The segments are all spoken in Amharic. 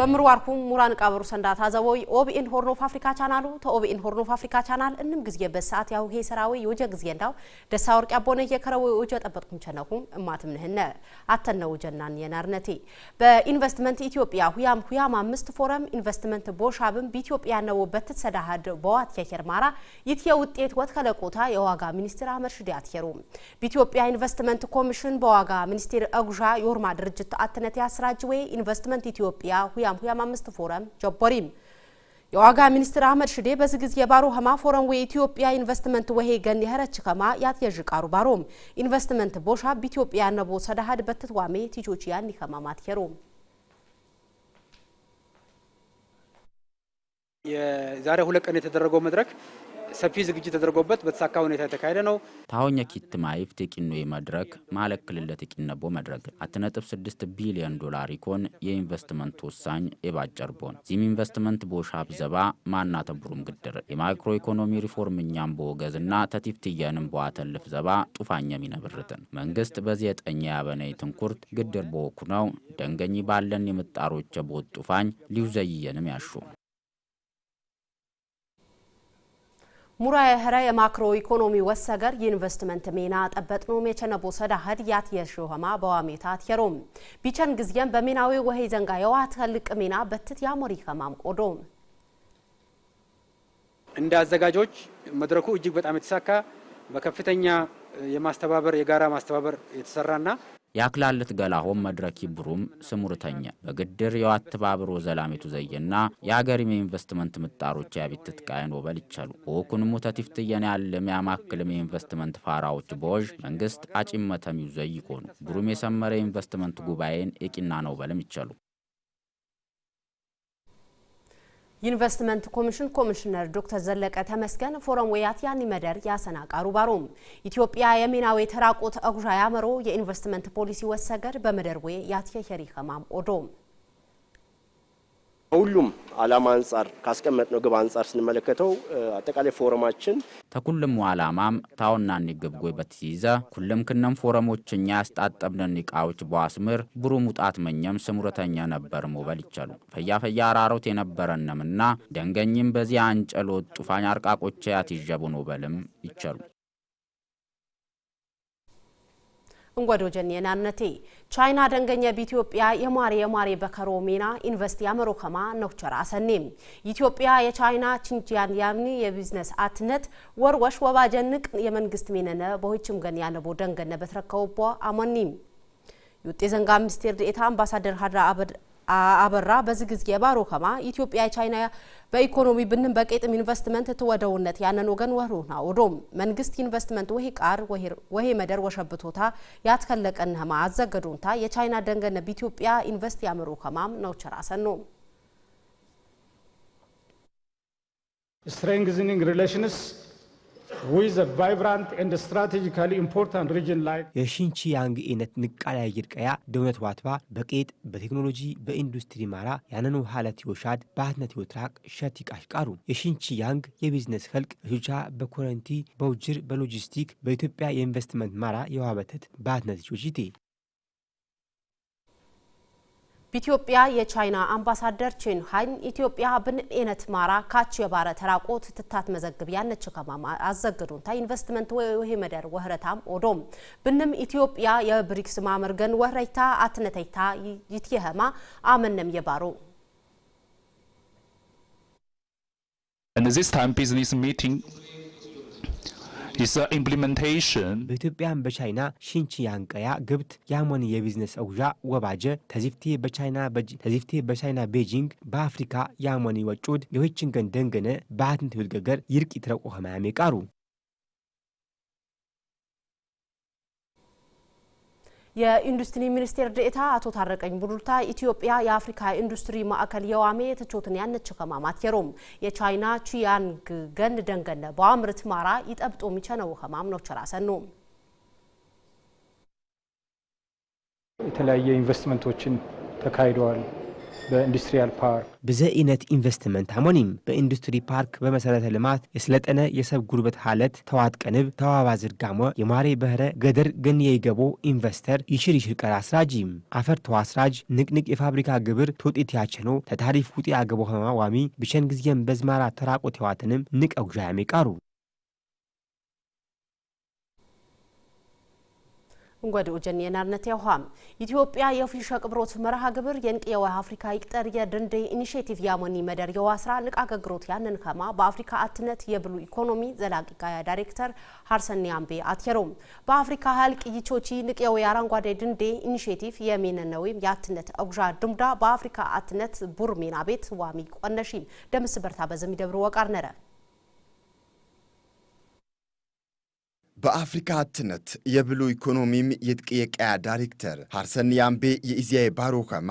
በምርዋርኩም ሙራን ቃበሩ ሰንዳ ዘቦይ ኦቢኤን ሆርን ኦፍ አፍሪካ ቻናሉ ተኦቢኤን ሆርን ኦፍ አፍሪካ ቻናል እንም ጊዜ በሰዓት ያው ሄ ሰራዊ ወጀ ጊዜ እንዳው ደሳ ወርቅ ያቦነ የከረው ወጀ ጠበጥኩም ቸነኩም እማትም ነህነ አተነ ወጀናን የናርነቴ በኢንቨስትመንት ኢትዮጵያ ሁያም ሁያም አምስት ፎረም ኢንቨስትመንት ቦሻብም በኢትዮጵያ ነው በትሰዳሃድ በዋት ማራ ይትየ ውጤት ወት ከለቆታ የዋጋ ሚኒስትር አህመድ ሽዴ አትየሩ በኢትዮጵያ ኢንቨስትመንት ኮሚሽን በዋጋ ሚኒስትር አጉዣ ዮርማ ድርጅት አትነት ያስራጅ ወይ ኢንቨስትመንት ኢትዮጵያ ሁያ ፕሮግራም አምስት ፎረም ጀቦሪም የዋጋ ሚኒስትር አህመድ ሽዴ በዚ ጊዜ ባሮ ሀማ ፎረም የኢትዮጵያ ኢንቨስትመንት ወሄ ገን የኸረች ከማ ያትየዥ ቃሩ ባሮም ኢንቨስትመንት ቦሻ በኢትዮጵያ ነቦ ሰዳሃድ በትትዋሜ ቲቾች ያን ከማ ማትሄሮም የዛሬ ሁለት ቀን የተደረገው መድረክ ሰፊ ዝግጅት ተደርጎበት በተሳካ ሁኔታ የተካሄደ ነው። ታሆኛ ኪትማይፍ ቴቂኖ መድረክ ማለት ክልለ ቴቂነቦ መድረክ አትነጥብ ነጥብ ስድስት ቢሊዮን ዶላር ይኮን የኢንቨስትመንት ወሳኝ የባጨርቦን ዚም ኢንቨስትመንት ቦሻብ ዘባ ማና ተብሩም ግድር የማይክሮ ኢኮኖሚ ሪፎርም እኛም በወገዝ ና ተቲፍትየንም በዋተልፍ ዘባ ጡፋኛም ይነብርትን መንግስት በዚህ የጠኛ ያበነይ ትንኩርት ግድር በወኩ ነው ደንገኝ ባለን የምጣሮቸ ቦት ጡፋኝ ሊውዘይየንም ያሹ ሙራየ ኸረ የማክሮ ኢኮኖሚ ወሰገር የኢንቨስትመንት ሜና ጠበጥኖም የቸነቦ ሰዳ ያት የሾኸማ በዋሜታ የሮም ቢቸን ጊዜም በሜናዊ ወሄ ዘንጋ የዋ ትልቅ ሜና በትት ያሞሪ ከማም ቆዶ እንደ አዘጋጆች መድረኩ እጅግ በጣም የተሳካ በከፍተኛ የማስተባበር የጋራ ማስተባበር የተሰራና የአክላልት ገላሆም መድረክ ይብሩም ስሙርተኛ በግድር የዋትባብሮ ዘላሚቱ ዘየና የአገሪም የኢንቨስትመንት ምጣሮች ያቢትት ቃይን ወበል ይቻሉ በወኩንሙ ተቲፍትየን ያለም ያማክልም የኢንቨስትመንት ፋራዎች ቦዥ መንግስት አጪመተም ይኮኑ ብሩም የሰመረ የኢንቨስትመንት ጉባኤን የቂና ነው በልም ይቻሉ ኢንቨስትመንት ኮሚሽን ኮሚሽነር ዶክተር ዘለቀ ተመስገን ፎረም ወያት ያኒ መደር ያሰና ቃሩ ባሮም ኢትዮጵያ የሚናዌ ተራቆት አጉራ ያመሮ የኢንቨስትመንት ፖሊሲ ወሰገድ በመደር ወ ያትየ ሄሪ ኸማም ኦዶም ከሁሉም ዓላማ አንጻር ካስቀመጥነው ግብ አንጻር ስንመለከተው አጠቃላይ ፎረማችን ተኩልም ዓላማም ታውና ንግብጎይ በትይዘ ኩልም ክነም ፎረሞች እኛ ያስጣጠብነን ቃዎች በአስምር ብሩ ሙጣት መኘም ስሙረተኛ ነበር ሞበል ይቸሉ ፈያ ፈያ አራሮት የነበረነምና ደንገኝም በዚያ አንጨሎት ጡፋኝ አርቃቆቼ ያትዣቡ ኖበልም ይቸሉ እንጓዶ ጀኔ ናነቴ ቻይና ደንገኘ በኢትዮጵያ የማሪ የማሪ በከሮ ሜና ኢንቨስት ያመሮ ከማ ነው ቸራ አሰኔም ኢትዮጵያ የቻይና ቺንጂያን ያምኒ የቢዝነስ አትነት ወርወሽ ወባጀንቅ የመንግስት ሜነነ በሆችም ገን ያነቦ ደንገነ በትረከውቦ አመኒም የውጤ ዘንጋ ሚኒስቴር ዴኤታ አምባሳደር ሀድራ አበድ አበራ በዚህ ግዜ የባሮ ከማ ኢትዮጵያ ቻይና በኢኮኖሚ ብንም በቄጥም ኢንቨስትመንት ትወደውነት ያነን ወገን ወሩና ወዶም መንግስት ኢንቨስትመንት ወሄ ቃር ወሄ መደር ወሸብቶታ ያትከለቀን ኸማ አዘገዱንታ የቻይና ደንገነ በኢትዮጵያ ኢንቨስት ያመሩ ኸማም ነው ቸራሰን ነው ስትሬንግዝኒንግ ሪሌሽንስ የሺንቺ ያንግ ኢነት ንቃላ ይርቀያ ደውነት ዋትባ በቄጥ በቴክኖሎጂ በኢንዱስትሪ ማራ ያነኑ ሀለት ይወሻድ ባህትነት ይወትራቅ ሸት ይቃሽቃሩ ያንግ የቢዝነስ ኸልቅ ሹቻ በኮረንቲ በውጅር በሎጂስቲክ በኢትዮጵያ የኢንቨስትመንት ማራ የዋበተት ባህትነት ጆጂቴ ኢትዮጵያ የቻይና አምባሳደር ቼን ሃይን ኢትዮጵያ ብንኤነት ማራ ካች የባረ ተራቆት ትታት መዘግብ ያነች ከማማ ታ ኢንቨስትመንት ወይ መደር ወህረታም ኦዶም ብንም ኢትዮጵያ የብሪክስ ማመርገን ወህረይታ አትነተይታ ይትየኸማ አመነም የባሩ In this time business በኢትዮጵያን በቻይና ሽንቺ ያንቀያ ግብት ያሞን የቢዝነስ አውዣ ወባጀ ተዚፍቴ በቻይና ተዚፍቴ በቻይና ቤጂንግ በአፍሪካ ያሞን ወጩድ የሆችን ደንገነ በአትንት ይልገገር ይርቅ ይትረቆ ኸማያሜ ቃሩ የኢንዱስትሪ ሚኒስቴር ዴኤታ አቶ ታረቀኝ ቡሩልታ ኢትዮጵያ የአፍሪካ ኢንዱስትሪ ማዕከል የዋሜ ትቾትን ያነቸው ከማማት የሮም የቻይና ቺያንግ ገን ደንገነ በአምርት ማራ ይጠብጦ የሚቸነው ከማም ነው ቸራሰን ነው የተለያየ ኢንቨስትመንቶችን ተካሂደዋል። በኢንዱስትሪያል ፓርክ ብዝኢነት ኢንቨስትመንት አሞኒም በኢንዱስትሪ ፓርክ በመሰረተ ልማት የስለጠነ የሰብ ጉርበት ሀለት ተዋት ቀንብ ተዋባ ዝርጋሞ የማሬ በህረ ገደር ገን የይገቦ ኢንቨስተር ይሽር ይሽር ቀር አስራጅ አፈር ተዋ አስራጅ ንቅንቅ የፋብሪካ ግብር ትውጤት ያቸነው ተታሪፍ ውጤ አገቦ ህማዋሚ ብቸን ጊዜም በዝማራ ተራቆት ህዋትንም ንቀጉዣ ያሜ ቃሩ እንጓደ ጀን የናርነት ያውሃም ኢትዮጵያ የፊሻ ቅብሮት መርሃ ግብር የንቅየዋ አፍሪካ ይቅጠር የድንዴ ኢኒሼቲቭ ያሞኒ መደር የዋ ስራ ንቃ ገግሮት ያንን ከማ በአፍሪካ አትነት የብሉ ኢኮኖሚ ዘላቂ ጋያ ዳይሬክተር ሀርሰን ያምቤ አትየሮም በአፍሪካ ሀልቅ ይቾቺ ንቅየው የአረንጓዴ ድንዴ ኢኒሼቲቭ የሚነነዊም የአትነት አጉዣ ድምዳ በአፍሪካ አትነት ቡርሜና ቤት ዋሚ ቆነሺም ደምስ በርታ በዘሚደብሩ ወቃር ነረ በአፍሪካ አትነት የብሉ ኢኮኖሚም የጥቅየቀያ ዳይሬክተር ሀርሰን ያምቤ የኢዚያ ባሮ ኸማ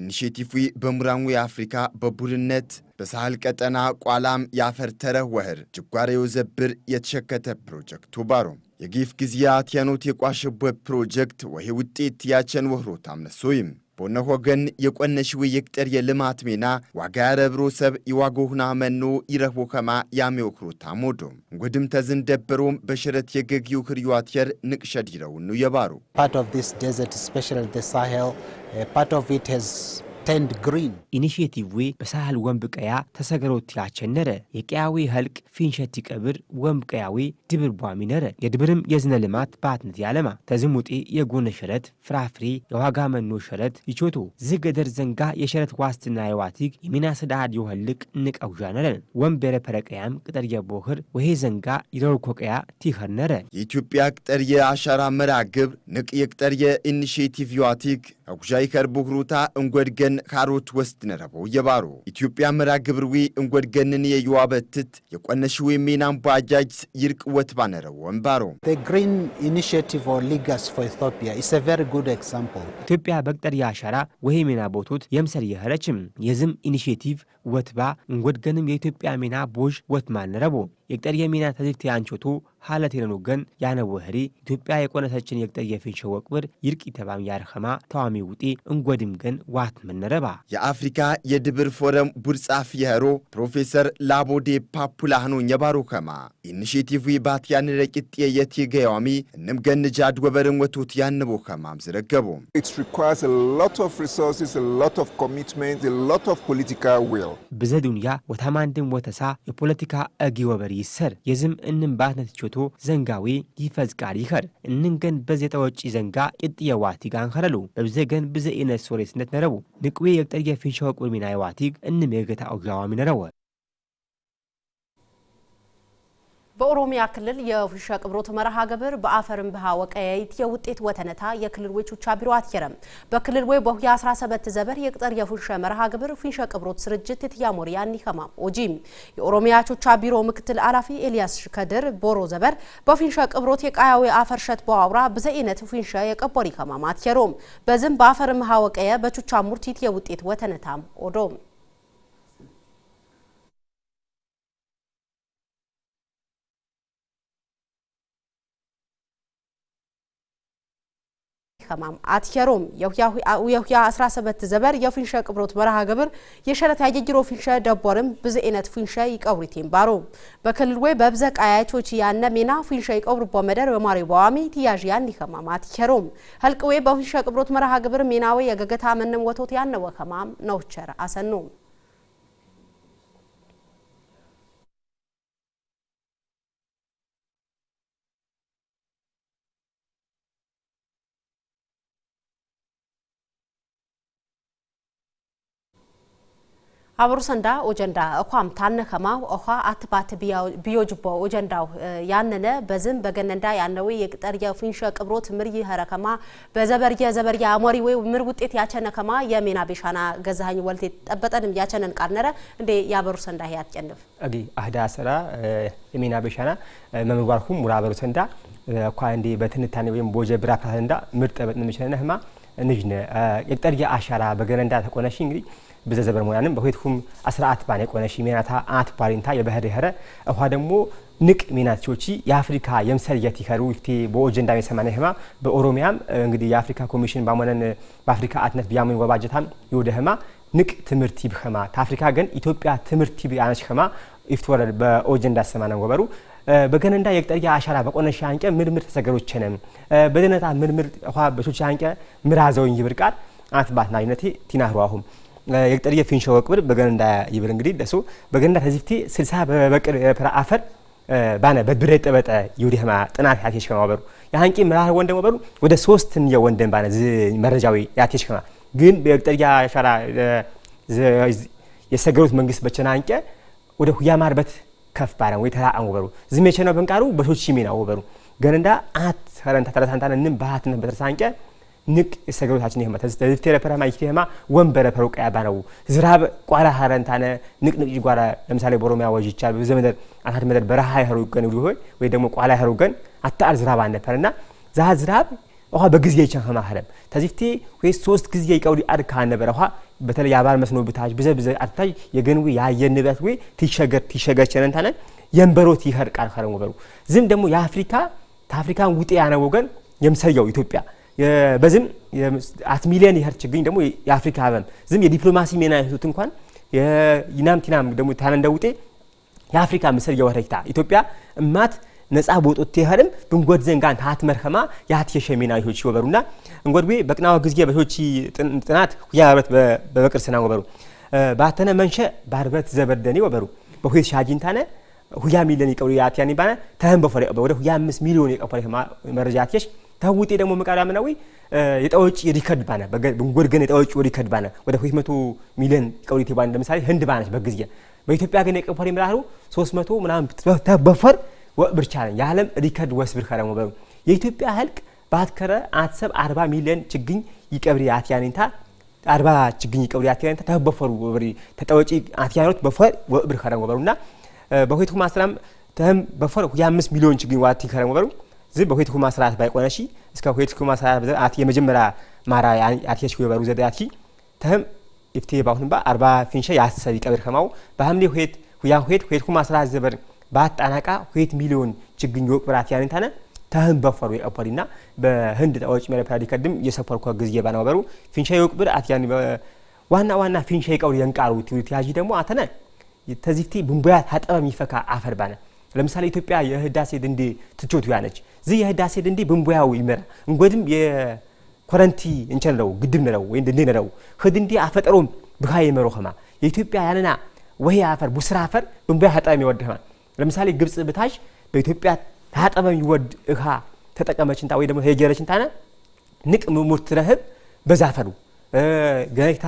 ኢኒሽቲቭዊ በሙራሙ የአፍሪካ በቡድነት በሳህል ቀጠና ቋላም ያፈርተረ ወህር ጅጓር የወዘብር የተሸከተ ፕሮጀክቱ ባሮ የጊፍ ጊዜያት ያኖት የቋሸበ ፕሮጀክት ወይ ውጤት ያቸን ወህሮት አምነሶይም በነሆ ግን የቈነሺው ይቅጥር የልማት ሜና ዋጋረ ሰብ ይዋጎሁና መኖ ይረህቦ ኸማ ያሚወክሩ ታሞዶ ጉድም ተዝን ደበሮም በሽረት የገጊው ክርዩአትየር ንቅሸድ ይረውኑ የባሩ ኢኒሽቲቭዌ በሳህል ወንብ ቀያ ተሰገሮት ያቸነረ የቀያዊ ህልቅ ፊንሸቲ ቀብር ወንብ ቀያዊ ድብር ቧሚ ነረ የድብርም የዝነ ልማት በአትነት ያለማ ተዝሙጤ የጎነ ሸረት ፍራፍሬ የዋጋ መኖ ሸረት ይቾቶ ዝገደር ዘንጋ የሸረት ዋስትና የዋቲግ የሚና ስዳድ የውህልቅ ንቀውዣ ነረን ወንበረ ፐረቀያም ቅጠር የቦህር ወሄ ዘንጋ ይረውኮ ቀያ ቲኸር ነረ የኢትዮጵያ ቅጠር የአሻራ መራ ግብር ንቅ የቅጠር የኢኒሽቲቭ የዋቲግ አጉዣይ ከርቡህሩታ እንጐድገን ካሮት ወስድ ነረቦ የባሮ ኢትዮጵያ ምራ ግብርዊ እንጐድገንን በትት የቈነሽው የሜናም ባጃጅ ይርቅ ወትባ ነረቦ እምባሮ ኢትዮጵያ በቅጠር የአሻራ ወይ ሜና ቦቱት የምሰር የኸረችም የዝም ኢኒሽቲቭ ወትባ እንጐድገንም የኢትዮጵያ ሜና ቦዥ ወትማ ነረቦ የቅጠር የሜና ተዝግት ያንቾቱ ሀለቴነን ገን ያነወ ወህሪ ኢትዮጵያ የቆነሰችን የግጠየፊን ሸወቅብር ይርቅ ተባም ያርኸማ ተዋሚ ውጤ እንጎድም ገን ዋት መነረባ የአፍሪካ የድብር ፎረም ቡርጻፍ የህሮ ፕሮፌሰር ላቦዴ ፓፑላህኖ የባሮ ኸማ ኢኒሽቲቭ ባት ያን ረቂት ጥየት ገያሚ እንም ገን ጃድ ወበርን ወቱት ያንቦ ኸማም ዝረገቡ it requires a lot of resources a lot of commitment a lot of political will ብዘ ዱንያ ወታማንድም ወተሳ የፖለቲካ እጊ ወበር ይሰር የዝም እንም ባትነትቾ ምልክቱ ዘንጋዊ ይፈዝቃል ይኸር እንንገን በዜጣ ወጪ ዘንጋ ቅጥየ ዋቲግ አንኸለሉ በብዘገን ብዘኢነት ሶሬስነት ነረቡ ንቅዌ የቅጠር የፊንሸወ ቁርሚና የዋቲግ እንሜገታ ኦግዛዋሚ ነረወ በኦሮሚያ ክልል የፊሻ ቅብሮት መርሃ ግብር በአፈርን ብሃ ወቀያይት የውጤት ወተነታ የክልል ወይ ቹቻ ቢሮ አትየረም በክልል ወይ በሁያ 17 ዘበር የቅጠር የፊሻ መርሃ ግብር ፊሻ ቅብሮት ስርጅት የትያሞር ያኒ ከማም ኦጂም የኦሮሚያ ቹቻ ቢሮ ምክትል አላፊ ኤልያስ ከድር ቦሮ ዘበር በፊሻ ቅብሮት የቃያዊ አፈር ሸት በአውራ ብዘይነት ፊሻ የቀቦሪ ከማም አትየሮም በዝም በአፈርን ብሃ ወቀየ በቹቻ ሙርቲት የውጤት ወተነታም ኦዶም ኸማም አትሄሮም የውያ 17 ዘበር የፊንሸ ቅብሮት በረሃ ግብር የሸረት ያጀጅሮ ፊንሸ ደቦርም ብዙ አይነት ፊንሸ ይቀብሩ ቴምባሮ በክልል ወይ በብዘ ቃያቾች ያነ ሜና ፊንሸ ይቀብሩ በመደር በማሪ በዋሚ ቲያዥ ያን ኸማም አትሄሮም ህልቅ ወይ በፊንሸ ቅብሮት መርሃ ግብር ሜናዊ የገገታ መንም ወቶት ያነ ወኸማም ነውቸር አሰኖም አብሩ ሰንዳ ኦጀንዳ እኳም ታነ ከማው ኦኻ አትባት ቢዮጅቦ ኦጀንዳው ያነነ በዝም በገነንዳ ያነዊ የቅጠር የፊንሸ ቅብሮት ምር ይኸረከማ በዘበርየ ዘበርየ አሞሪ ወይ ምር ውጤት ያቸነ ከማ የሜና ቤሻና ገዛኸኝ ወልት ጠበጠንም ያቸነን ቃርነረ እንዴ ያበሩ ሰንዳ ያት ጨንፍ አጊ አህዳ ስራ የሜና ቤሻና መምግባርኩም ሙራ አበሩ ሰንዳ እኳ እንዴ በትንታኔ ወይም ቦጀ ብራ ሰንዳ ምር ጠበጥ ምሽነነ ህማ ንጅነ የቅጠር የአሻራ በገነንዳ ተቆነሽ እንግዲህ ብዘዘበር ሞያንም በሁትኩም አስርአት ባነ ቆነሺ ሜናታ አት ፓሪንታ የበህር የኸረ እኳ ደግሞ ንቅ ሜናቾቺ የአፍሪካ የምሰል የቲከሩ ይፍቴ በኦጀንዳ የሰማነ ህማ በኦሮሚያም እንግዲህ የአፍሪካ ኮሚሽን ባሞነን በአፍሪካ አትነት ብያሙን ወባጀታም ይወደ ህማ ንቅ ትምህርቲ ብኸማ ታፍሪካ ግን ኢትዮጵያ ትምህርቲ ብያነች ኸማ ይፍትወረ በኦጀንዳ ሰማነ ወበሩ በገነንዳ የቅጠር አሻራ በቆነሻ አንቀ ምርምር ተሰገሮችንም በደነታ ምርምር ኳ በሾቻ አንቀ ምራዘውኝ ይብርቃል አትባት ናይነቴ ቲናህሯሁም የቅጠልየ ፊንሾ ወቅብር በገንዳ ይብል እንግዲህ ለሱ በገንዳ ተዚፍቲ ስልሳ በበቅር ፍራ አፈር ባነ በድረ ጠበጠ ይውዲህማ ጥናት ያቴሽ ያቴሽከማ በሩ የሀንቂ ምራህ ወንደም ወበሩ ወደ ሶስት ነው ወንደም ባነ መረጃዊ ያቴሽ ያቴሽከማ ግን በቅጠልያ ሻራ የሰገሩት መንግስት አንቀ ወደ ሁያማርበት ከፍ ባረ ወይ ተራአን ወበሩ ዝሜቸ ነው በንቃሩ በሶች ሚና ወበሩ ገንዳ አት ተረንታ ተረሳንታን ንም ባህትነት በተረሳንቀ ንቅ የሰገሮታችን ይህማ ተዝፍቴረፈረማ ይህማ ወንበረ ፈሩቃ ያባነው ዝራብ ቋራ ሀረንታነ ንቅንቅ ጓራ ለምሳሌ በኦሮሚያ ወጅቻ ብዘመደር አታት መደር በረሃ ይኸሩ ገን ይሉ ሆይ ወይ ደግሞ ቋላ ይኸሩ ገን አታር ዝራብ አነፈርና ዛሃ ዝራብ ውሃ በጊዜ ይቻ ከማህረም ተዚፍቴ ወይ ሶስት ጊዜ ይቀውዲ አድካ ነበረ ውሃ በተለይ አባር መስኖ ብታች ብዘ ብዘ አታች የገንዊ ያየንበት ወይ ትሸገር ትሸገር ቸነንታነ የንበሮት ይኸርቃል ከረሙ በሩ ዝም ደግሞ የአፍሪካ ታፍሪካን ውጤ ያነ የምሰየው ኢትዮጵያ በዝም አት ሚሊየን ያህል ችግኝ ደግሞ የአፍሪካ ህበም ዝም የዲፕሎማሲ ሜና ያሱት እንኳን የናምቲናም ደግሞ ታነንደ ውጤ የአፍሪካ ምስል የወረጅታ ኢትዮጵያ እማት ነጻ ቦጦት ይኸርም ብንጎድ ዘንጋን ታት መርከማ የሀት የሸሜና ይሆች ይወበሩና እንጎድቤ በቅናዋ ጊዜ በሾቺ ጥናት ሁያ ህብረት በበቅር ስና ወበሩ ባተነ መንሸ ባርበት ዘበደኔ ወበሩ በሁት ሻጂንታነ ሁያ ሚሊዮን ይቀብሩ ያትያኒ ባነ ተህን በፈረ ወደ ሁያ አምስት ሚሊዮን የቀፈረ መረጃ ያትሽ ታውጤ ደግሞ መቃዳ ምናዊ የጣዎች የሪከርድ ባነ በጎድገን የጣዎች ሪከርድ ባነ ወደ 200 ሚሊዮን ቀውሪቴ ባነ ለምሳሌ ህንድ ባነች በግዚያ በኢትዮጵያ ግን የቀፈሪ ምራሩ 300 ምናምን በፈር ወብርቻ ነኝ የዓለም ሪከርድ ወስብር ከረሞ በሩ የኢትዮጵያ ህልቅ ባትከረ አትሰብ 40 ሚሊዮን ችግኝ ይቀብሪ አትያኒንታ 40 ችግኝ ይቀብሪ አትያኒንታ ተበፈሩ ወብሪ ተጣወጪ አትያኖት በፈር ወብር ከረሞ በሩና በሁይቱ ማስራም ተም በፈር 5 ሚሊዮን ችግኝ ዋቲ ከረሞ በሩ እዚ በኮይትኩ ማስራት ባይቆነሺ እስከ ኮይትኩ ማስራት በዘ አት የመጀመሪያ ማራ አት የሽኩ የበሩ ዘደ አትኪ ተህም ኢፍቴ ባሁን ባ አርባ ፊንሸ ያሰብ ይቀብር ከማው በሐምሌ ሆይት ሁያ ሆይት ኮይትኩ ማስራት ዘበር ባጣናቃ ሁት ሚሊዮን ችግኝ ወቅብራት ያንን ታነ ተህም በፈሩ የቀበሪና በህንድ ጣዎች መረፈራዲ ከድም የሰፈርኩ ግዚየ ባናው በሩ ፊንሸ ወቅብር አት ዋና ዋና ፊንሸ ይቀውር የንቃሩ ትዩት ያጂ ደግሞ አተነ ተዚፍቲ ብንቦያት አጠበም ይፈካ አፈር ባነ ለምሳሌ ኢትዮጵያ የህዳሴ ድንዴ ትቾቱ ያነች እዚ የህዳሴ ድንዴ ብንቦያው ይመራ እንጎድም የኮረንቲ እንቸን ነው ግድብ ነው ወይ ድንዴ ነው ህድንዴ አፈጠሮም ብሃ የመሮ ኸማ የኢትዮጵያ ያለና ወይ አፈር ቡስራ አፈር ብንቦያ ሀጣም ይወድ ኸማ ለምሳሌ ግብጽ ብታሽ በኢትዮጵያ ታጠበም ይወድ እኻ ተጠቀመችንታ ወይ ደግሞ ሄጀረችንታነ ንቅ ምሙር ትረህብ በዛፈሩ ገይታ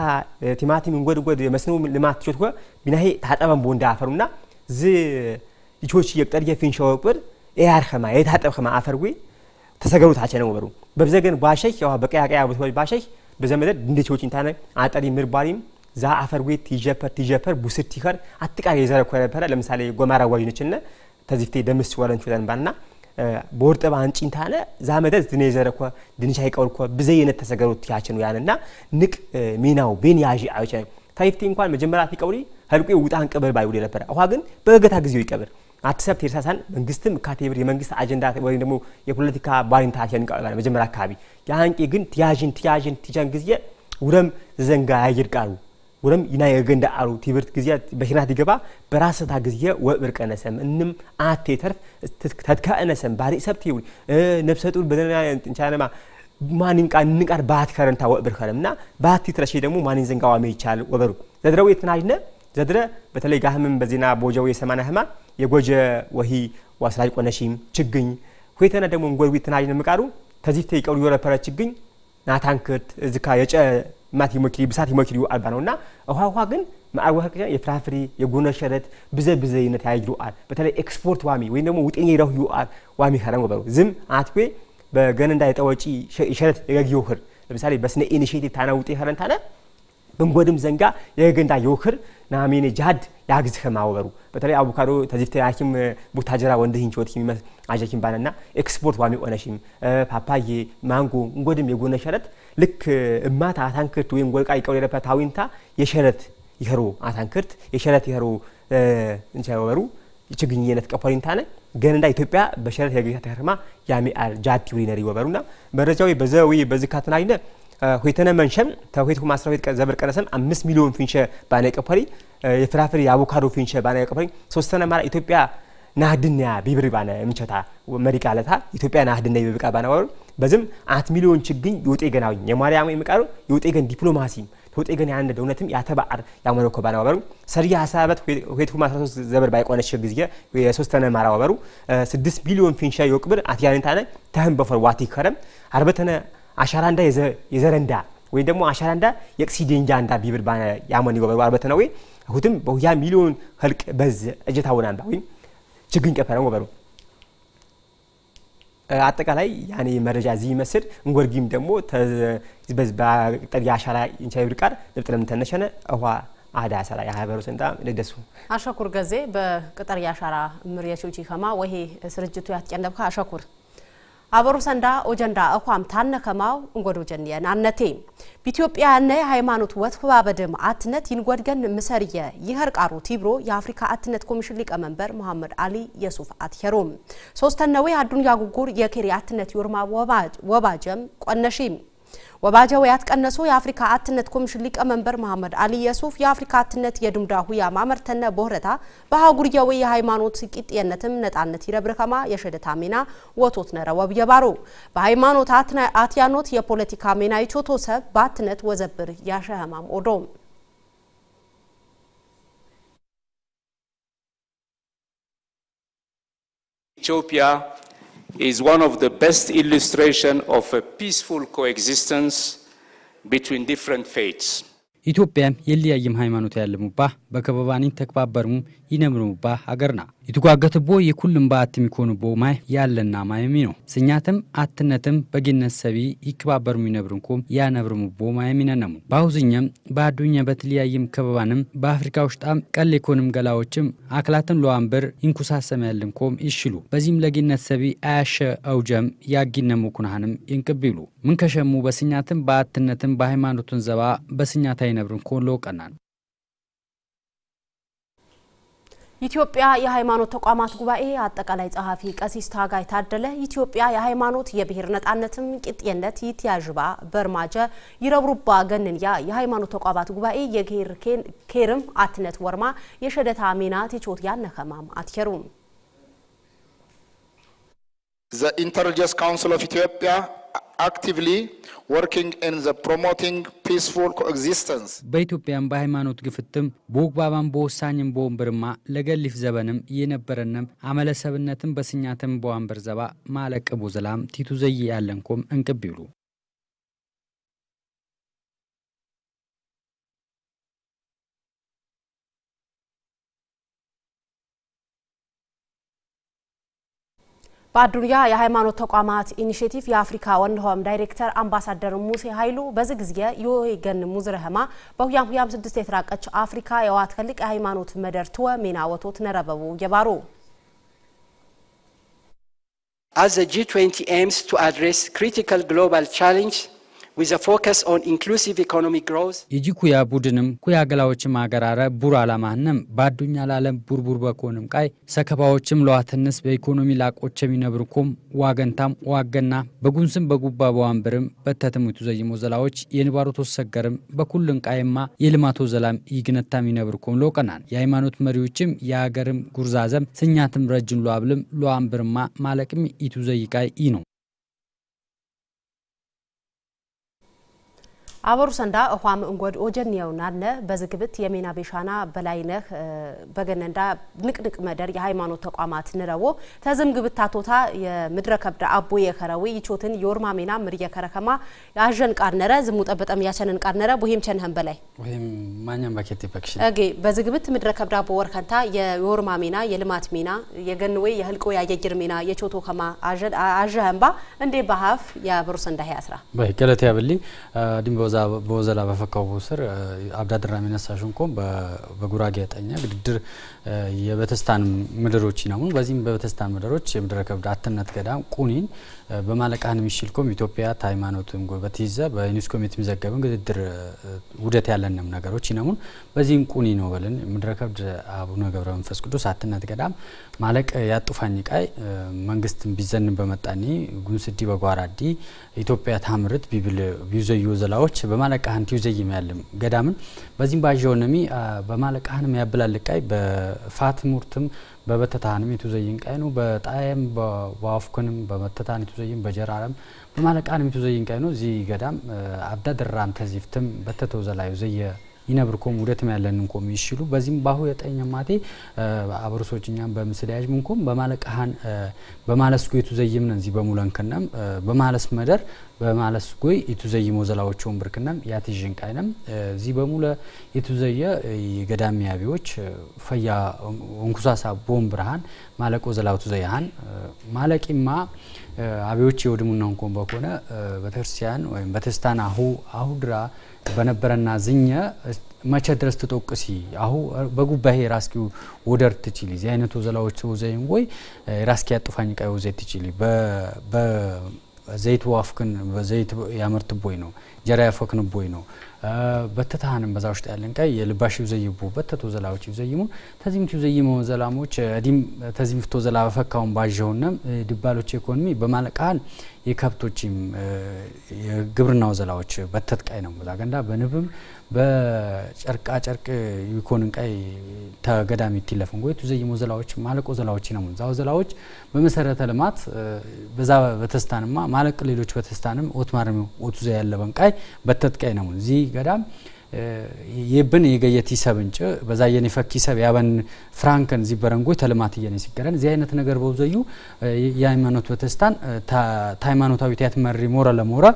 ቲማቲም እንጎድ እንጎድ መስኖ ልማት ትቾት ቢናሄ ታጠበም ቦንዳ አፈሩና ዝ ልጆች ይቅጠር የፊን ሸወቅብር ኤያር ኸማ የታጠብ ተሰገሩ ታቸ ነው አቸነ ወበሩ በብዘገን ባሸክ ያው በቀያ ቀያ ቦታዎች ባሸክ በዘመደድ እንደቾች እንታነ አጠሪ ምርባሪም ዛ አፈር አፈርዊ ትጀፐር ትጀፐር ቡስር ትኸር አጥቃሪ የዘረ ኮረፈረ ለምሳሌ ጎማራ ዋጅነችነ ተዚፍቴ ደምስ ወረን ቹለን ባና በወርጠባ አንጪንታነ ዛ መደዝ ድነ የዘረኮ ድንቻ ይቀውልኮ ብዘየነት ተሰገሩት ነው ያንና ንቅ ሚናው ቤን ያጂ አይቸ ታይፍቲ እንኳን መጀመሪያ ፊቀውሪ ህልቁ ውጣን ቅብር ባይውል ነበር አሁን ግን በእገታ ጊዜው ይቀብር አዲስ ሀብት መንግስትም ካቴብር የመንግስት አጀንዳ ወይም ደግሞ የፖለቲካ ባሪንታ ያንቃ መጀመሪያ አካባቢ የአንቄ ግን ትያዥን ትያዥን ትጃን ጊዜ ውረም ዘንጋ ያይርቃሉ ውረም ይና የገንዳ አሩ ቲብርት ጊዜ በሽናት ይገባ በራስታ ጊዜ ወብር ቀነሰም እንም አቴ ተርፍ ተትካእነሰም ባሪ ሰብት ይውል ነብሰጡል በደና እንቻነማ ማንን ቃ ንቃር ባት ከረንታ ወብር ከረምና ባት ትረሽ ደግሞ ማንን ዘንጋዋ ይቻል ወበሩ ዘድረው የትናጅነ ዘድረ በተለይ ጋህምም በዜና ቦጀው የሰማነ ህማ የጎጀ ወሂ ዋስራጅ ቆነሺም ችግኝ ሁተነ ደግሞ እንጎድ ዊትናጅን ምቃሩ ተዚፍተ ይቀሩ የረፈረ ችግኝ ናታንክርት እዚካ የጨ ማት ይሞክሪ ብሳት ይሞክሪ አልባ ነውና ውሃ ውሃ ግን ማአወህ የፍራፍሬ የጎነ ሸረት ብዘ ብዘይነት ያይሩ አል በተለይ ኤክስፖርት ዋሚ ወይም ደግሞ ውጤኝ ይረው ይዋል ዋሚ ሀረም ወበሩ ዝም አትኩ በገን እንዳይጠወጪ ሸረት የገግዮ ህር ለምሳሌ በስነ ኢኒሽቲቭ ታነ ውጤ ከረን ታነ ብንጎድም ዘንጋ የገንዳ የውክር ናሚን ጃድ ያግዝህ ማወበሩ በተለይ አቡካዶ ተዚፍተ ያኪም ቡታጅራ ወንድ ሂንቾት ኪሚመስ አጀኪም ባነና ኤክስፖርት ዋሚ ኦነሽም ፓፓዬ ማንጎ እንጎድም የጎነ ሸረት ልክ እማት አታንክርት ወይም ጎልቃ ይቀው የለበት አዊንታ የሸረት ይኸሮ አታንክርት የሸረት ይኸሮ እንቻ ወበሩ ችግኝ የነት ቀፖሪንታነ ገንዳ ኢትዮጵያ በሸረት የገታ ተርማ ያሚ ጃድ ዩሪነሪ ወበሩና መረጃዊ በዘዊ በዚህ ካትናይነ ሁይተነ መንሸም ተውሂት ሁም አስራዊት ዘበር ቀረሰም አምስት ሚሊዮን ፊንሸ ባናይ ቀፈሪ የፍራፍሬ የአቮካዶ ፊንሸ ባናይ ቀፈሪ ሶስተነ ማራ ኢትዮጵያ ናህድና ቢብሪ ባነ ምቸታ መሪቃ ለታ ኢትዮጵያ ናህድና ቢብቃ ባነ ወሩ በዝም አት ሚሊዮን ችግኝ የውጤ ገናውኝ የማርያም የምቃሩ የውጤ ገን ዲፕሎማሲ ተውጤ ገን ያንደ እውነትም ያተባአር ያመረኮ ባና ወሩ ሰሪያ ሀሳበት ሁይቱ 13 ዘበር ባይቆነች ጊዜ የሶስተነ ማራ ወሩ 6 ቢሊዮን ፊንሻ ይወቅብር አትያንታነ ተህን በፈር ዋቲ ከረም አርበተነ አሻራንዳ የዘረንዳ ወይ ደግሞ አሻራንዳ የቅሲዴንጃ ቢብር ቢብል ያመን ይወበሩ አርበት ነው ሁትም በውያ ሚሊዮን ህልቅ በዝ እጀታውን አንባ ወይም ችግኝ ቀፈረን ወበሩ አጠቃላይ ያኔ መረጃ እዚህ ይመስል እንጎርጊም ደግሞ በዝ በጠሪ አሻራ እንቻይ ብርቃር ልብጥለም ተነሸነ እዋ አዳ ሰላ የሀበሩ ስንጣ ልደሱ አሸኩር ገዜ በቅጠር ያሻራ ምር የቹቺ ከማ ወይ ስርጅቱ ያትጨነብካ አሸኩር አበሩ ሰንዳ ኦጀንዳ እኳም ታነ ከማው እንጎዶ ጀንየን አነቴ በኢትዮጵያ ያነ የሃይማኖት ወትባ በደም አትነት ይንጎድገን ምሰርየ ይኸር ቃሩ ቲብሮ የአፍሪካ አትነት ኮሚሽን ሊቀመንበር መሐመድ አሊ የሱፍ አትሄሮም ሶስተነዌ አዱንያ ያጉጉር የኬሪ አትነት ዮርማ ወባጀም ቆነሺ ወባጀው ያትቀነሶ የአፍሪካ አትነት ኮሚሽን ሊቀመንበር መሐመድ አሊ የሱፍ የአፍሪካ አትነት የዱምዳ ሁያ ማመርተነ ቦህረታ በሀጉርያዊ የሃይማኖት ቂጤነትም ነጣነት ይረብርከማ የሸደታ ሜና ወቶት ነረ የባሮ በሃይማኖት አትያኖት የፖለቲካ ሜና ይቾቶ ሰብ በአትነት ወዘብር ያሸህማም ኦዶም ኢትዮጵያ is one of the best illustration of a peaceful coexistence between different faiths. ኢትዮጵያም የለያይም ሃይማኖት ያለሙባ በከበባኒ ተከባበርሙ ይነምሩሙባ ሀገርና የተጓገትቦ የኩልም በአት የሚኮንቦ ማይ ያለና ማየሚ ነው ስኛትም አትነትም በጌነሰቢ ይከባበርሙ ይነብርንኮም ያነብርሙቦ ማየሚ ነነሙ በአሁዝኛም በአዱኛ በትልያይም ከበባንም በአፍሪካ ውሽጣም ቀል የኮንም ገላዎችም አክላትን ለዋንበር ይንኩሳሰም ያልንኮም ይሽሉ በዚህም ሰቢ አያሸ አውጀም ያጊነሙ ኩናህንም ይንቅብ ይሉ ምንከሸሙ በስኛትም በአትነትም በሃይማኖቱን ዘባ በስኛታ ይነብርንኮን ለውቀናን ኢትዮጵያ የሃይማኖት ተቋማት ጉባኤ አጠቃላይ ጸሐፊ ቀሲስ ታጋይ ታደለ ኢትዮጵያ የሃይማኖት የብሔር ነጻነትም ቅጤነት ይትያዥባ በርማጀ ይረብሩባ ገንንያ የሃይማኖት ተቋማት ጉባኤ የጌር ኬርም አትነት ወርማ የሸደታ ሜና ቲቾት ያነኸማም አትከሩም ዘ ኢንተርጀስ ካውንስል ኦፍ ኢትዮጵያ actively working in the promoting peaceful coexistence በኢትዮጵያም በሃይማኖት ግፍትም በውግባባም በወሳኝም በወንብርማ ለገሊፍ ዘበንም የነበረንም አመለሰብነትም በስኛትም በዋንበር ዘባ ማለቅቡ ዝላም ቲቱ ዘይ ያለንኮም እንቅብ ይብሉ በአዱንያ የሃይማኖት ተቋማት ኢኒሽቲቭ የአፍሪካ ወንድሆም ዳይሬክተር አምባሳደር ሙሴ ኃይሉ በዚ ጊዜ የወይገን ሙዝረህማ በሁያም ሁያም ስድስት የተራቀች አፍሪካ የዋት ከልቅ የሃይማኖት መደር ትወ ሜና ወቶት ነረበቡ የባሩ As the G20 aims to address critical global challenges ኩያ ቡድንም ኩያ ኩያገላዎችም አገራረ ቡር አላማንም በአዱኛ ላለም ቡርቡር በኮንም ቃይ ሰከባዎችም ለዋትንስ በኢኮኖሚ ላቆች የሚነብርኩም ዋገንታም ዋገና በጉንስም በጉባ በዋንብርም በተተሙቱ ዘይሞ ዘላዎች የንባሩ ተሰገርም በኩልን ቃይማ የልማቶ ዘላም ይግነታም ይነብርኩም ሎቀናን የሃይማኖት መሪዎችም የአገርም ጉርዛዘም ስኛትም ረጅን ሏብልም ሏንብርማ ማለቅም ኢቱ ዘይቃይ ይ ነው አበሩ ሰንዳ እኋም እንጎድ ኦጀን ኦጀንየው ናለ በዝግብት የሜና ቤሻና በላይነህ በገነንዳ ንቅንቅ መደር የሃይማኖት ተቋማት ንረቦ ግብታ ቶታ የምድረ ከብዳ አቦ የከረዊ ይቾትን የወርማ ሜና ምር የከረከማ ቃር ነረ ዝሙ ጠበጠም ያቸንን ቃር ነረ ቡሂም ቸንህን በላይ ቡሂም ማኛም ባኬት ይፈክሽ እጌ በዝግብት ምድረ ከብዳ አቦ ወርከንታ የወርማ ሜና የልማት ሜና የገንዌ የህልቆ ያየጅር ሜና የቾቶ ከማ አጀ አጀ እንባ እንዴ ባሃፍ የአበሩ ሰንዳ ያስራ በይ ገለተ ያብልኝ ዲምቦ በወዘላ በፈካው ስር አብዳድራ የሚነሳ ሽንኮም በጉራጌ ያጠኛ ግድድር የበተስታን ምድሮች ይናሙ በዚህም በበተስታን ምድሮች የምድረ ከብድ አትነት ገዳም ቁኒን በማለቃህን የሚሽልኮም ኢትዮጵያ ሃይማኖትም ጉበት ይዘ በዩኒስኮም የተመዘገብን ግድድር ውደት ያለንም ነገሮች ይነሙን በዚህም ቁኒ ነው በልን ምድረ ከብድ አቡነ ገብረ መንፈስ ቅዱስ አትነት ገዳም ማለቅ ያጡፋኝ ቃይ መንግስት ቢዘንን በመጣኒ ጉንስዲ በጓራዲ ኢትዮጵያ ታምርት ቢብል ቢዘዩ ዘላዎች በማለቃህን ትዩዘይም ያለም ገዳምን በዚህም ባጀውነሚ በማለቃህን ያብላልቃይ በ በፋትሙርትም በበተታንም የተዘይን ቀይኑ በጣየም በዋፍኩንም በመተታን የተዘይን በጀራረም በማለቃንም የተዘይን ቀይኑ እዚ ገዳም አብዳ ድራም ተዚፍትም በተተወዘላዩ ዘየ ይነብርኮም ውደትም ያለንን ቆም ይሽሉ በዚህም ባሁ የጠኝ ማቴ አብርሶችኛም በምስል ያጅ ምንኮም በማለቃሃን በማለስኩ የቱ ዘይም ነን ዚ በሙለንከናም በማለስ መደር በማለስ ጎይ የቱዘይ ሞዘላዎቹን ብርክነም ያትዥን ቃይነም እዚህ በሙለ የቱዘየ የትዘየ የገዳሚያቢዎች ፈያ ወንኩሳሳ ቦም ብርሃን ማለቆ ዘላው ትዘይሃን ማለቂማ አቢዎች የወድሙና እንኮን በኮነ በተክርስቲያን ወይም በተስታን አሁ አሁድራ በነበረና ዝኘ መቼ ድረስ ትጦቅሲ አሁ በጉባኤ የራስኪው ወደር ትችሊ እዚ አይነቱ ዘላዎች ወዘይም ወይ የራስኪ ያጡፋኝ ቃይ ወዘይ ትችሊ ዘይትዋፍክን ዘይት ያመርት ቦይ ነው ጀራ ያፈክን ቦይ ነው በትታህንም በዛ ውስጥ ያለን ቀይ የልባሽ ይዘይቡ በተቶ ዘላዎች ይዘይሙ ተዚምት ይዘይሙ ዘላሞች ዲም ፍቶ ዘላ በፈካውን ባጀውንም ድባሎች ኢኮኖሚ በማለቃል የከብቶችም የግብርናው ዘላዎች በተት ቀይ ነው በዛ ገንዳ በንብም በጨርቃ ጨርቅ ይኮንን ቀይ ተገዳሚ ይትለፈን ጎይቱ ዘይሙ ዘላዎች ማለቆ ዘላዎች ነው ዛው ዘላዎች በመሰረተ ልማት በዛ በተስታንማ ማለቅ ሌሎች በተስታንም ኦትማርም ኦቱ ዘ ያለበን በተት ቀይ ነው እዚህ ገዳም ይብን የገየት ይሰብ እንጭ በዛ የኔ ፈክ ይሰብ ያበን ፍራንክን ዚ በረንጎ ተልማት የኔ ሲገረን እዚህ አይነት ነገር በውዘዩ የሃይማኖት በተስታን ታይማኖታዊ ታያት መሪ ሞረ ለሞረ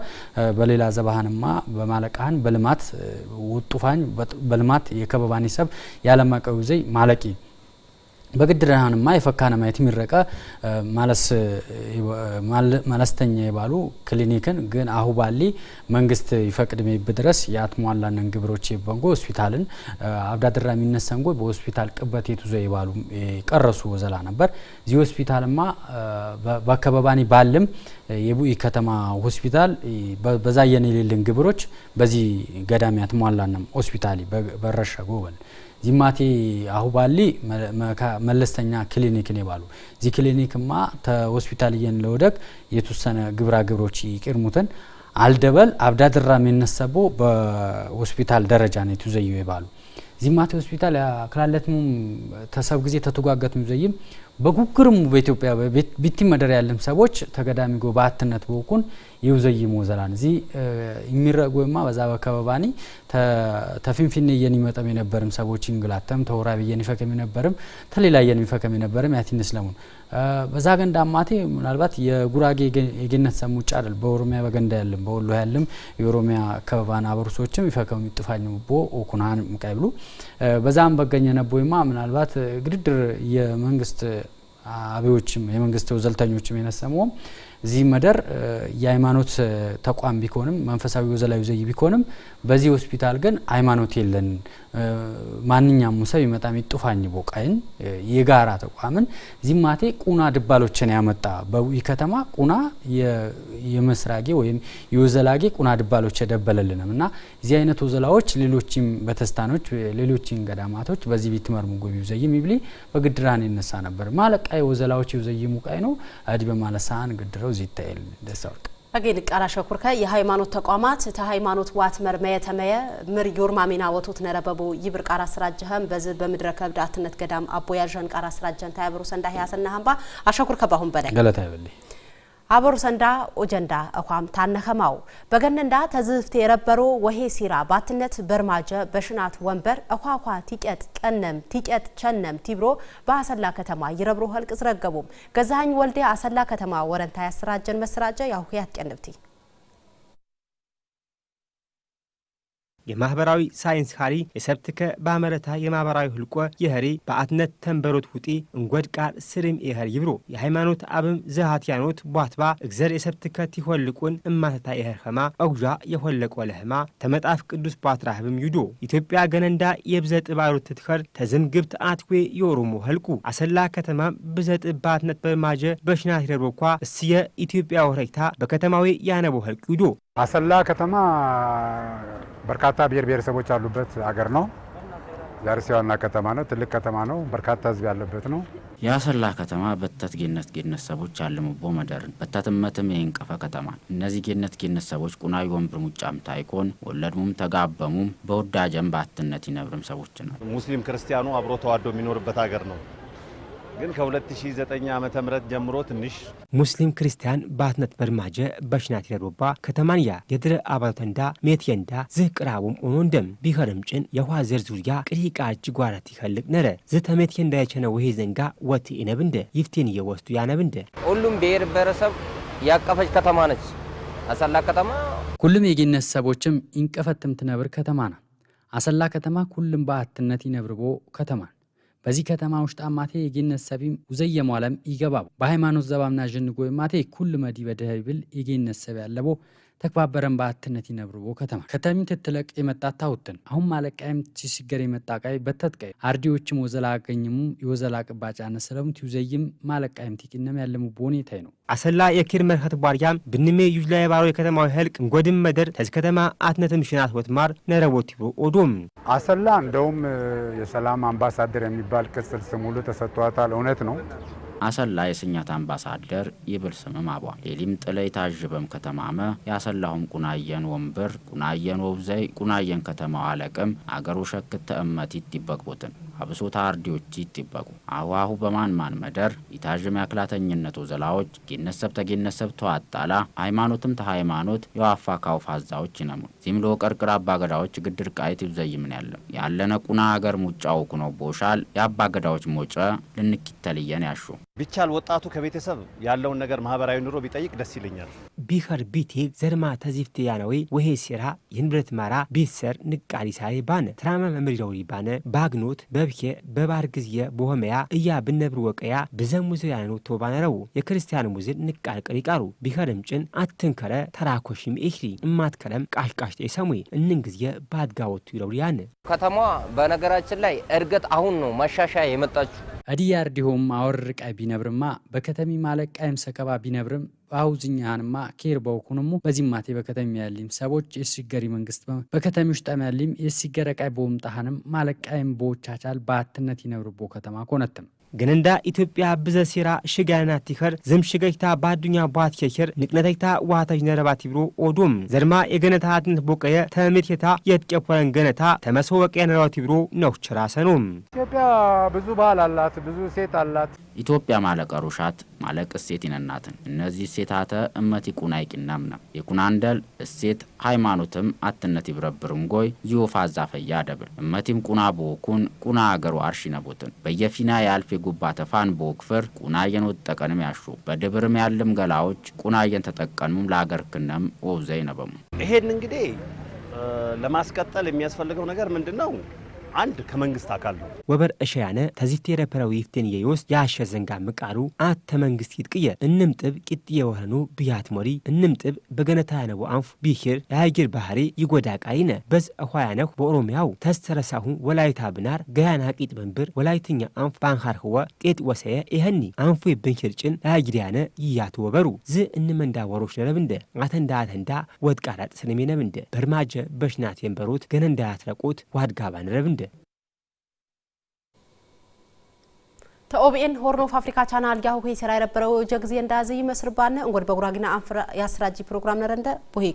በሌላ ዘባህንማ በማለቃህን በልማት ውጡፋኝ በልማት የከበባን ይሰብ ያለማቀው ዘይ ማለቂ በግድረሃንማ የፈካነ ማየት የሚረቀ ማለስተኛ የባሉ ክሊኒክን ግን አሁ ባሊ መንግስት ይፈቅድ ሜብ ድረስ የአትሟላነን ግብሮች የበንጎ ሆስፒታልን አብዳድራ የሚነሰንጎ በሆስፒታል ቅበት የቱዘ የባሉ ቀረሱ ወዘላ ነበር እዚህ ሆስፒታልማ በከበባኒ ባልም የቡኢ ከተማ ሆስፒታል በዛ የኔ የኔሌልን ግብሮች በዚህ ገዳሚ አትሟላነም ሆስፒታል በረሸ ጎበል ዚማቴ አሁባሊ መለስተኛ ክሊኒክ ነው ባሉ እዚ ክሊኒክማ ተሆስፒታል እየን ለወደቅ የተወሰነ ግብራ ግብሮች ይቅርሙትን አልደበል አብዳድራ የሚነሰቦ በሆስፒታል ደረጃ ነው የተዘዩ ይባሉ ዚማቴ ሆስፒታል ክላለትም ተሰብ ጊዜ ተተጓገት ምዘይም በኩክርም በኢትዮጵያ ቢትመደር ያለም ሰዎች ተገዳሚ ጎ በአትነት በኩን ይውዘይሞ ዘላን እዚ የሚረጎማ በዛ በከበባኒ ተፊንፊኔ የኒመጠም የነበርም ሰዎች እንግላተም ተወራቢ ይፈከም የነበርም ተሌላ ይፈከም የነበርም ያቲንስ ለሙን በዛ ገንዳ አማቴ ምናልባት የጉራጌ የገነት ሰሙ ውጭ አይደል በኦሮሚያ በገንዳ ያለም በወሎ ያለም የኦሮሚያ ከበባን አበርሶችም ይፈከም ይጥፋኝ ቦ ኦኩናን ምቃይብሉ በዛም በገኘ ነቦይማ ምናልባት ግድድር የመንግስት አብዮችም የመንግስት ወዘልተኞችም የነሰመውም እዚህ መደር የሃይማኖት ተቋም ቢሆንም መንፈሳዊ ወዘላዊ ዘይ ቢሆንም በዚህ ሆስፒታል ግን ሃይማኖት የለን ማንኛውም ሰብ ይመጣም ይጡፋኝ ቦቃይን የጋራ ተቋምን ዚማቴ ቁና ድባሎችን ያመጣ በዊ ከተማ ቁና የመስራጌ ወይም የወዘላጌ ቁና ድባሎች የደበለልንም እና እዚህ አይነት ወዘላዎች ሌሎችም በተስታኖች ሌሎችን ገዳማቶች በዚህ ቤት መርሙ ጎብ ይውዘይም ይብሊ በግድራን ይነሳ ነበር ማለቃ የወዘላዎች ይውዘይሙ ቃይ ነው አዲ በማለሳን ግድረው ዚታይል ደሳወርቅ አገኝ ቃላ ሸኩርከ የሃይማኖት ተቋማት ተሃይማኖት ዋት መርመየ ተመየ ምር ዮርማ ሚና ወቶት ነረበቡ ይብር ቃራ ስራጀህም በዝ በምድረ ከብዳትነት ገዳም አቦያዣን ቃራ ስራጀን ታያብሩ ሰንዳ ያሰናህምባ አሸኩርከ ባሁን በላይ ገለታ ይበልይ አበሩ ሰንዳ ኦጀንዳ እኳም ታነኸማው በገነንዳ ተዝፍት የረበሮ ወሄ ሲራ ባትነት በርማጀ በሽናት ወንበር እኳኳ ቲቀት ቀነም ቲቀት ቸነም ቲብሮ በአሰላ ከተማ ይረብሮ ህልቅ ዝረገቡም ገዛኝ ወልዴ አሰላ ከተማ ወረንታ ያሰራጀን መስራጀ ያሁ ያትቀንብቲ የማህበራዊ ሳይንስ ኻሪ የሰብትከ ባመረታ የማህበራዊ ህልቆ የኸሪ በአትነት ተንበሮት ውጢ እንጐድ ቃል ስርም የኸር ይብሮ የሃይማኖት አብም ዘሃትያኖት ቧትባ እግዘር የሰብትከ ቲሆልቁን እማተታ የኸር ኸማ አጉዣ የሆለቆ ለህማ ተመጣፍ ቅዱስ ቧትራ ህብም ይዶ ኢትዮጵያ ገነንዳ የብዘ ጥባሮት ትትኸር ተዝም ግብት አትዌ የኦሮሞ ህልቁ አሰላ ከተማ ብዘጥ በአትነት በማጀ በሽናት ረቦኳ እስየ ኢትዮጵያ ወረይታ በከተማዊ ያነቦ ህልቅ ይዶ አሰላ ከተማ በርካታ ብሔር ብሔረሰቦች ያሉበት አገር ነው። የአርሲ ዋና ከተማ ነው። ትልቅ ከተማ ነው። በርካታ ህዝብ ያለበት ነው። የአሰላ ከተማ በተት ጌነት ጌነት ሰቦች አለሙቦ መደርን በተትመትም የእንቀፈ ከተማ እነዚህ ጌነት ጌነት ሰቦች ቁናዊ ወንብር ሙጫም ታይኮን ወለድሙም ተጋበሙም በወዳጀም በአትነት ይነብርም ሰዎች ነው። ሙስሊም ክርስቲያኑ አብሮ ተዋዶ የሚኖርበት ሀገር ነው። ግን ከ2009 ዓ ም ጀምሮ ትንሽ ሙስሊም ክርስቲያን በአትነት በርማጀ በሽናት የሮባ ከተማንያ የድረ አባተንዳ ሜትየንዳ ዝህ ቅራቡም ኦኖንደም ቢኸረምጭን የኋ ዘር ዙርያ ቅሪቃ ጓራት ይኸልቅ ነረ ዝተ ሜትየንዳ የቸነ ውሄ ዘንጋ ወት ይነብንደ ይፍቴን እየወስዱ ያነብንደ ሁሉም ብሔር ብሔረሰብ ያቀፈች ከተማ ነች። አሰላ ከተማ ሁሉም የጌነት ሰቦችም ይንቀፈትም ትነብር ከተማ ና አሰላ ከተማ ሁሉም በአትነት ይነብርቦ ከተማ በዚህ ከተማ ውሽጣ ማቴ የጌነት ሰቢም ውዘየሞ ዓለም ይገባቡ በሃይማኖት ዘባምና ዥንጎይ ማቴ ኩል መዲ በድህብል የጌነት ሰብ ያለቦ ተግባበረን በአትነት ይነብርዎ ከተማ ከተሚን ትትለቅ የመጣ ታውትን አሁን ማለቃይም ሲሲገር የመጣ ቃይ በተትቀይ አርዲዎችም ወዘላ አገኝሙ የወዘላ ቅባጫ አነሰለም ትዩዘይም ማለቃይም ቲቅነም ያለሙ በሁኔታይ ነው አሰላ የኪር መርከት ቧርያም ብንሜ ዩጅላ የባሮ የከተማዊ ህልቅ ጎድም መደር ተዚ ከተማ አትነት ምሽናት ወትማር ነረቦት ይብሮ ኦዶም አሰላ እንደውም የሰላም አምባሳደር የሚባል ቅጽል ስሙሉ ተሰጥቷታል። እውነት ነው። አሰላ የስኛት አምባሳደር ይብል ስምም አቧል ሌሊም ጥለይ ታዥበም ከተማመ ያሰላሁም ቁናየን ወንበር ቁናየን ወብዘይ ቁናየን ከተማው አለቅም አገሩ ሸክት ተእመቲት ይበቅቡትን አብሶታ አርዲዎች ይጥበቁ አዋሁ በማን ማን መደር ኢታዥም ያክላተኝነቱ ዘላዎች ጌነሰብ ተጌነሰብ ተዋጣላ ሃይማኖትም ተሃይማኖት የዋፋ ካውፋዛዎች ሀዛዎች ይነሙ ዚምሎ ቀርቅር አባገዳዎች ግድር ቃይት ይብዘይምን ያለ ያለነ ቁና አገር ሙጫው ኩኖ ቦሻል የአባገዳዎች ሞጨ ልንኪተልየን ያሹ ቢቻል ወጣቱ ከቤተሰብ ያለውን ነገር ማህበራዊ ኑሮ ቢጠይቅ ደስ ይለኛል። ቢኸር ቢቴ ዘርማ ተዚፍት ያነዌ ወሄ ሲራ የንብረት ማራ ቤትሰር ንቃሪ ሳይ ባነ ትራማ መምሪደውሪ ባነ ባግኖት በብኬ በባር ግዝየ በሆመያ እያ ብነብር ወቀያ ብዘን ሙዝር ያነኖ ቶባነረው የክርስቲያን ሙዝር ንቃር ቅሪ ቃሩ ቢኸርም ጭን አትንከረ ተራኮሽም እማት ከለም ቃሽቃሽ ሰሙ እንን ግዝየ ባድጋወቱ ይረውሪ ያነ ከተማዋ በነገራችን ላይ እርገት አሁን ነው መሻሻያ የመጣችሁ እዲያር ዲሆም አወርቃይ ቢነብርማ በከተሚ ማለቅ ቃይም ሰከባ ቢነብርም አውዝኛህንማ ኬር በውኩንሙ በዚህ ማቴ በከተሚ ያሊም ሰቦች የሲገሪ መንግስት በከተሚ ውሽጥ ያሊም የሲገረ የሲገረቃይ በውምጣህንም ማለቃይም በዎቻቻል በአትነት ይነብርቦ ከተማ ኮነትም ግን ገነንዳ ኢትዮጵያ ብዘ ሴራ ሽጋናት ቲኸር ዘምሽገይታ ባዱኛ ቧት ኬኬር ንቅነተይታ ዋታጅ ነረባት ይብሮ ኦዶም ዘድማ የገነታ አጥንት ቦቀየ ተምትኬታ የትጨፖረን ገነታ ተመሶ ተመስወቀ ነራት ይብሮ ነው ችራሰኑም ኢትዮጵያ ብዙ ባህል አላት፣ ብዙ ሴት አላት። ኢትዮጵያ ማለቀ ሩሻት ማለቅ እሴት ይነናትን እነዚህ እሴታተ እመት ይቁናይ ነው የኩናንደል እሴት ሃይማኖትም አትነት ይብረብርም ጎይ ዚዮፋ ዛፈያ ደብል እመቲም ቁና ቦኩን ቁና አገሩ አርሽ ይነቦትን በየፊና የአልፌ ጉባ ተፋን ቦክፍር ቁና የን ወጠቀንም ያሹ በድብርም ያልም ገላዎች ቁና የን ተጠቀኑም ለአገር ክነም ወብዘ ይነበሙ ይሄን እንግዲህ ለማስቀጠል የሚያስፈልገው ነገር ምንድን ነው? አንድ ከመንግስት አካል ነው። ወበር እሸያነ ተዚት ረፐረዊ ይፍትን የዮስ ያሸ ዘንጋ ምቃሩ አተ መንግስት ይጥቅየ እንም ጥብ ቂጥ የወህኑ ብያት ሞሪ እንም ጥብ በገነታ ያነቡ አንፍ ቢሂር የሀይጊር ባህሪ ይጎዳ ቃይነ በዝ እኋያነሁ በኦሮሚያው ተስተረሳሁ ወላይታ ብናር ገያና ቂጥ መንብር ወላይትኛ አንፍ ባንኻር ህወ ቄጥ ወሰየ ይህኒ አንፉ የብንሂር ጭን የሀይጊር ይያቱ ወበሩ ዝ እንመንዳ ወሮች ነረብንደ አተንዳ አተንዳ ወድቃራጥ ስንሜነብንደ በርማጀ በሽናት የንበሩት ገነንዳ ያትረቁት ዋድጋባ ነረብንደ ተኦቢኤን ሆርን ኦፍ አፍሪካ ቻናል ያሁ ሄ ስራ የረበረው ጀ ጊዜ እንዳዚ ይመስርባነ እንጎድ በጉራጊና አንፍራ ያስራጂ ፕሮግራም ነረንደ ቦሄ